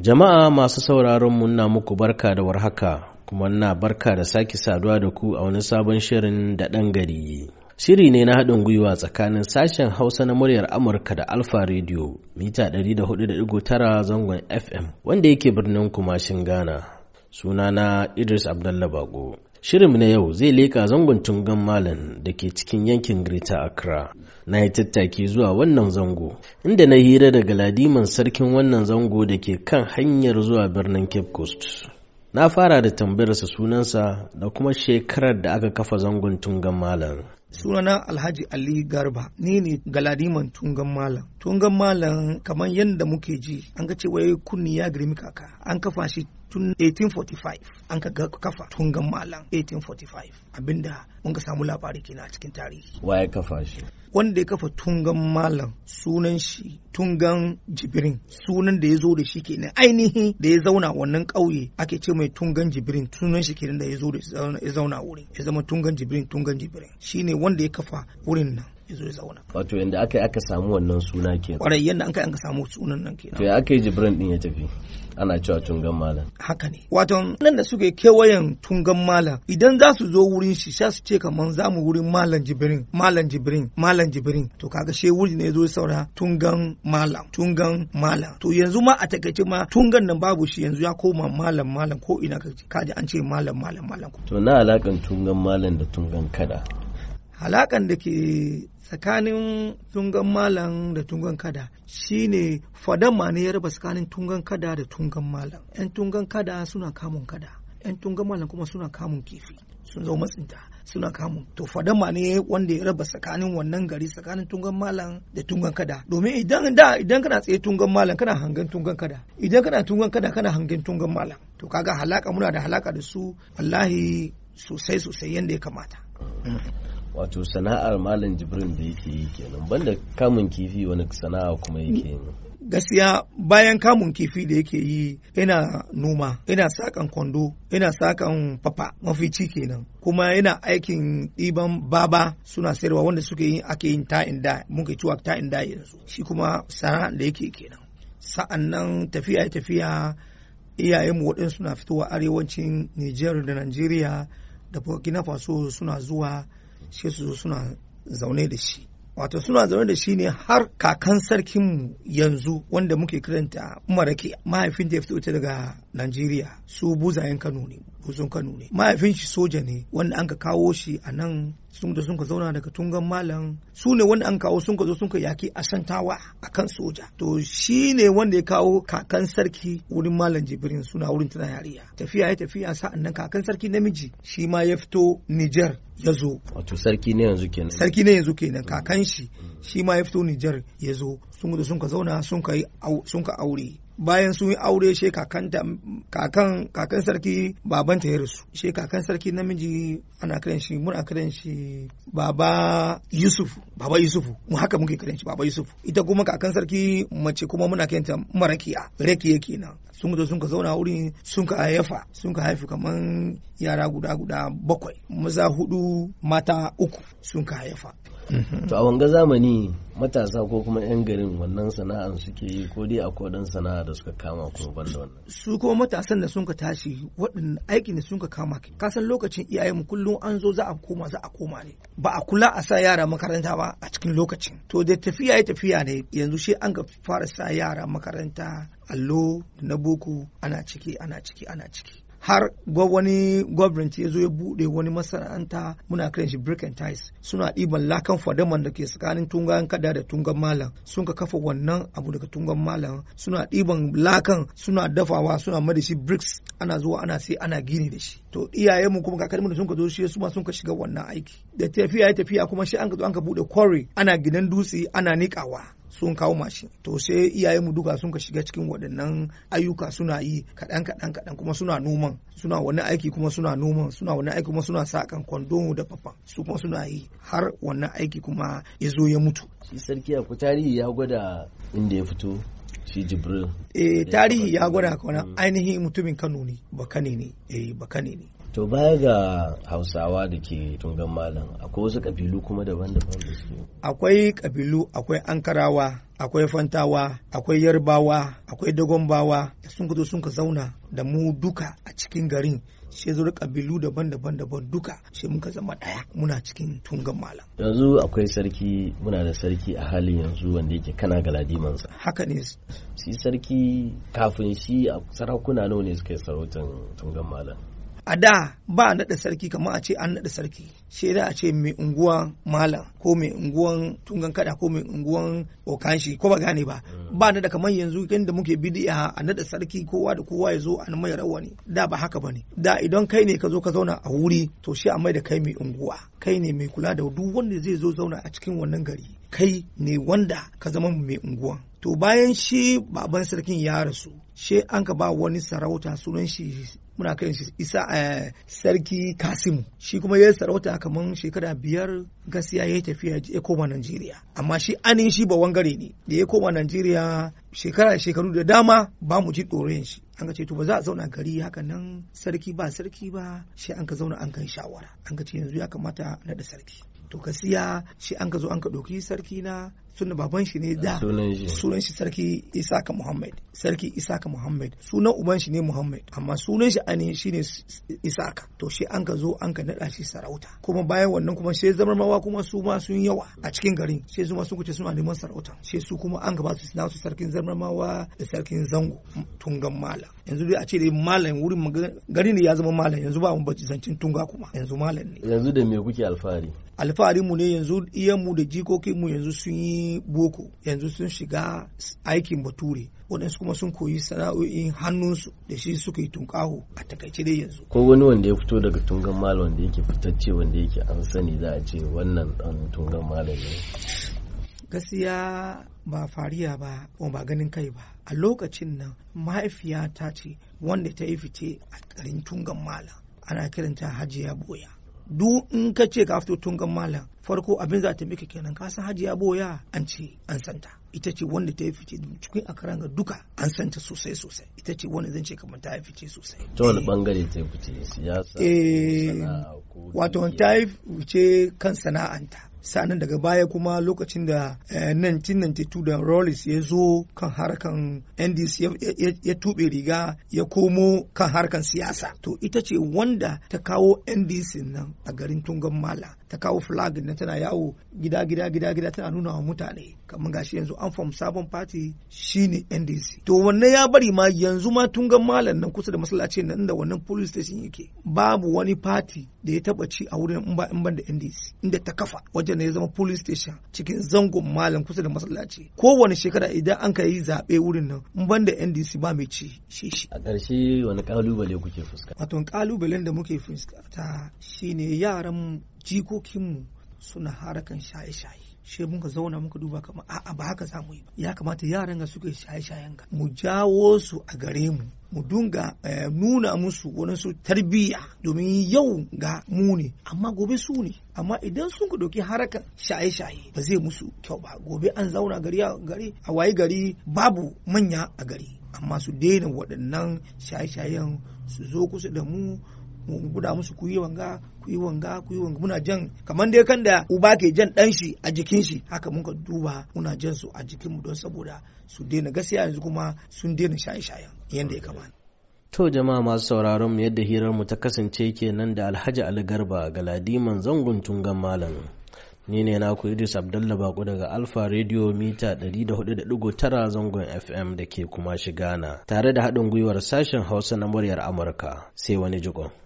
Jama'a masu sauraron muna muku barka da warhaka kuma na barka da sake saduwa da ku a wani sabon shirin da ɗan gari. Shiri ne na haɗin gwiwa tsakanin sashen Hausa na muryar Amurka da Alfa Radio mita 104.9 zangon FM wanda yake birnin Kumashin Ghana. Sunana Idris Abdullahi Bago. Shirin na yau zai leka zangon tungan malam da ke cikin yankin Greater Accra. Na yi tattaki zuwa wannan zango, inda na hira da galadiman sarkin wannan zango da ke kan hanyar zuwa birnin Cape Coast. Na fara da tambayarsa sunansa da kuma shekarar da aka kafa zangon tungan malam. sunana alhaji ali garba ni ne galadiman tungan malam tungan malam kamar yadda muke ji an ga cewa kunni ya girmi kaka an kafa shi tun 1845 an ka kafa tungan malam 1845 abinda mun ka samu labari kenan a cikin tarihi wa kafa shi wanda ya kafa tungan malam sunan shi tungan jibirin sunan da ya zo da shi kenan ainihin da ya zauna wannan ƙauye ake ce mai tungan jibirin sunan shi kenan da ya zo da ya zauna wurin ya zama tungan jibirin tungan jibirin shine wanda ya kafa wurin nan ya zo ya zauna wato yadda aka aka samu wannan suna ke kwarai yadda an kai an samu sunan nan kenan to ya aka yi jibrin din ya tafi ana cewa tungan malam haka ne wato nan da suke kewayen tungan malam idan za su zo wurin shi sha su ce kaman za mu wurin malam jibrin malam jibrin malam jibrin to kaga she wuri ne ya zo saura tungan malam tungan malam to yanzu ma a takaice ma tungan nan babu shi yanzu ya koma malam malam ko ina ka kaji an ce malam malam malam to na alakan tungan malam da tungan kada halakan da ke tsakanin tungan malam da tungan kada shine fadan ma ne ya raba tsakanin tungan kada da tungan malam yan tungan kada suna kamun kada yan tungan malam kuma suna kamun kifi sun zo matsinta suna kamun to fadan ma ne wanda ya raba tsakanin wannan gari tsakanin tungan malam da tungan kada domin idan da idan kana tsaye tungan malam kana hangen tungan kada idan kana tungan kada kana hangen tungan malam to kaga halaka muna da halaka da su wallahi sosai sosai yanda ya kamata mm. wato sana'ar malam jibrin da yake yi kenan banda kamun kifi wani sana'a kuma yake yi gaskiya bayan kamun kifi da yake yi ina noma ina sakan kwando ina sakan papa mafici kenan kuma yana aikin ɗiban baba suna sayarwa wanda suke yin ake yin ta da muke cewa ta da yanzu shi kuma sana'a da yake kenan sa'annan nan tafiya tafiya iyayenmu waɗansu suna fitowa arewacin Nijar da Najeriya da Burkina Faso suna zuwa sai su zo suna zaune da shi wato suna zaune da shi ne har kakan sarkinmu yanzu wanda muke kiranta umarake mahaifin da ya fito daga najeriya su buzayen kano ne kusan Kano ne mahaifin shi soja ne wanda an ka kawo shi a nan sun da sun ka zauna daga tungan malam su ne wanda an kawo sun ka zo sun ka yaki a santawa a kan soja to shi ne wanda ya kawo kakan sarki wurin malam jibrin suna wurin tana yariya tafiya ya tafiya sa'an nan kakan sarki namiji shi ma ya fito Nijar ya zo wato sarki ne yanzu kenan sarki ne yanzu kenan mm. kakan shi mm. shi ma ya fito Nijar ya zo sun da sun ka zauna sun ka aure bayan sun yi aure she kakanta kakan kakan sarki baban ya rasu she kakan sarki namiji ana kiran shi muna kiran shi baba Yusuf baba Yusuf mu haka muke kiran shi baba Yusuf ita kuma kakan sarki mace kuma muna ta marakiya Rekiya kenan sun zo sun ka zauna wurin sun ka haifa sun ka haifi kaman yara guda guda bakwai maza hudu mata uku sun ka haifa to a wanga zamani matasa ko kuma 'yan garin wannan sana'an suke yi ko dai a kodin sana'a da suka kama ko ban da wannan su kuma matasan da sun ka tashi waɗanda aikin da sun ka kama ka san lokacin mu kullum an zo za a koma za a koma ne ba a kula a sa yara makaranta ba a cikin lokacin to da tafiya ya tafiya ne yanzu shi an ga fara sa yara makaranta allo na boko ana ciki ana ciki ana ciki har wani gwamnati ya zo ya buɗe wani masana'anta muna kiran shi brick and ties suna ɗiban lakan fadaman da ke tsakanin tungan kada da tungan malam sun ka kafa wannan abu daga tungan malam suna ɗiban lakan suna dafawa suna mada shi bricks ana zuwa ana sai ana gini da shi to iyayen mu kuma kakarmu da sun ka zo shi su ma sun ka shiga wannan aiki da tafiya ya tafiya kuma shi an ka zo an ka buɗe quarry ana gidan dutse ana niƙawa sun kawo mashi, to sai iyaye mu duka sun ka shiga cikin waɗannan ayyuka suna yi kaɗan kaɗan kaɗan kuma suna noman suna wani aiki kuma suna noman suna wani aiki kuma suna sa kan kwando da fafa su kuma suna yi har wannan aiki kuma ya zo ya mutu shi sarki a tarihi ya gwada inda ya fito shi jibril eh tarihi ya gwada kana mm. ainihin mutumin kano ne bakane ne eh bakane ne to baya ga hausawa da ke tungan malam akwai wasu kabilu kuma daban-daban da su. akwai kabilu akwai ankarawa akwai fantawa akwai yarbawa akwai dagombawa da sun zo sun ka zauna da mu duka a cikin garin sai zuru kabilu daban-daban daban duka sai muka zama daya muna cikin tungan malam yanzu akwai sarki muna da sarki a halin yanzu wanda yake kana galadimansa haka ne si sarki kafin shi sarakuna nawa ne suka yi sarautan tungan malam a da ba a naɗa sarki kamar a ce an naɗa sarki sai da a ce mai unguwa malam ko mai unguwan tungan kada ko mai unguwan okanshi ko ba gane ba hmm. ba naɗa kamar yanzu da muke bidiya a naɗa sarki kowa da kowa ya zo a mai ne. da ba haka ba ne. da idan kai ne ka zo ka zauna a wuri to shi a mai da kai mai unguwa kai ne mai kula da duk wanda zai zo zauna a cikin wannan gari kai ne wanda ka zama mai unguwa to bayan shi baban sarkin ya rasu shi an ka ba wani sarauta sunan shi muna kai shi isa a eh, sarki kasim shi kuma ya sarauta kamar shekara biyar gaskiya ya tafiya ya koma najeriya amma shi anin shi ba wangare ne da ya koma najeriya shekara shekaru da dama ba mu ji ɗorin shi an ka ce to ba za a zauna gari haka nan sarki ba sarki ba shi an ka zauna an kai shawara an ka ce yanzu ya kamata naɗa sarki to gaskiya shi an ka zo an ka ɗauki sarki na tunda baban shi ne da sunan shi sarki isaka muhammad sarki ka muhammad sunan uban shi ne muhammad amma sunan shi ne shine isaka to shi an ka zo an ka nada shi sarauta kuma bayan wannan kuma sai mawa kuma su ma sun yawa a cikin garin sai su ma sun kuce suna neman sarauta sai su kuma an gaba su suna su sarkin mawa da sarkin zango tungan mala yanzu dai a ce dai malam wurin garin ne ya zama malam yanzu ba mu bacci zancin tunga kuma yanzu malam ne yanzu da me kuke alfahari alfahari mu ne yanzu iyan mu da jikokin mu yanzu sun yi boko yanzu sun shiga aikin bature waɗansu kuma sun koyi sana'o'in hannunsu da shi suka yi tunkaho a takaice dai yanzu. ko wani wanda ya fito daga tungan malam wanda yake fitacce wanda yake an sani za a ce wannan ɗan tungan malam ne. gaskiya ba fariya ba kuma ba ganin kai ba a lokacin nan mahaifiya ta ce wanda ta yi fice a garin tungan malam ana kiranta hajiya boya duk in ka ce ka fito tungan malam farko abin za ta miki kenan ka san hajiya boya an ce an santa ita ce wanda ta yi fice cikin akaran ga duka an santa sosai sosai ita ce wanda zan ce kamar ta yi fice sosai ta wani bangare ta yi fice siyasa eh, wato ta yi fice kan sana'anta sa'annan daga baya kuma lokacin da 1992 eh, da Rollins ya zo kan harkan NDC ya tuɓe riga ya komo kan harkan siyasa to ita ce wanda ta kawo NDC nan a garin Tungan Mala ta kawo flag na tana yawo gida gida gida gida tana nuna wa mutane kamar gashi yanzu an fam sabon party shine NDC to wannan ya bari ma yanzu ma tun ga malam nan kusa da masallacin nan da wannan police station yake babu wani party da ya taba ci a wurin in ba in ban da NDC inda ta kafa wajen da ya zama police station cikin zangon malam kusa da masallaci kowane shekara idan an kai zabe zaɓe wurin nan in ban da NDC ba mai ci shi shi a ƙarshe wani kalubale kuke fuska wato ƙalubalen da muke ta shine yaran jikokinmu suna harakan shaye-shaye she muka zauna muka duba kama a'a ba haka za mu yi ya kamata yaran ga suke shaye-shayen ga mu jawo su a gare mu mu dunga eh, nuna musu wani su tarbiyya domin yau ga mu ne amma gobe su ne amma idan sun ku doki harakan shaye-shaye ba zai musu kyau ba gobe an zauna gari a wayi gari babu manya a gari amma su daina waɗannan shaye-shayen su zo kusa da mu mu guda musu ku yi wanga ku yi wanga ku yi wanga muna jan kamar dai kan da uba ke jan dan shi a jikin shi haka muka duba muna jan su a jikin mu don saboda su daina gaskiya yanzu kuma sun daina shaye shaye yanda ya kamata To jama'a masu sauraron mu yadda hirar mu ta kasance kenan da Alhaji Ali Garba ladiman zangon tungan malam. Ni ne naku Idris Abdalla Bako daga Alfa Radio mita 104.9 zangon FM da ke kuma shigana tare da haɗin gwiwar sashen Hausa na muryar Amurka sai wani jigon.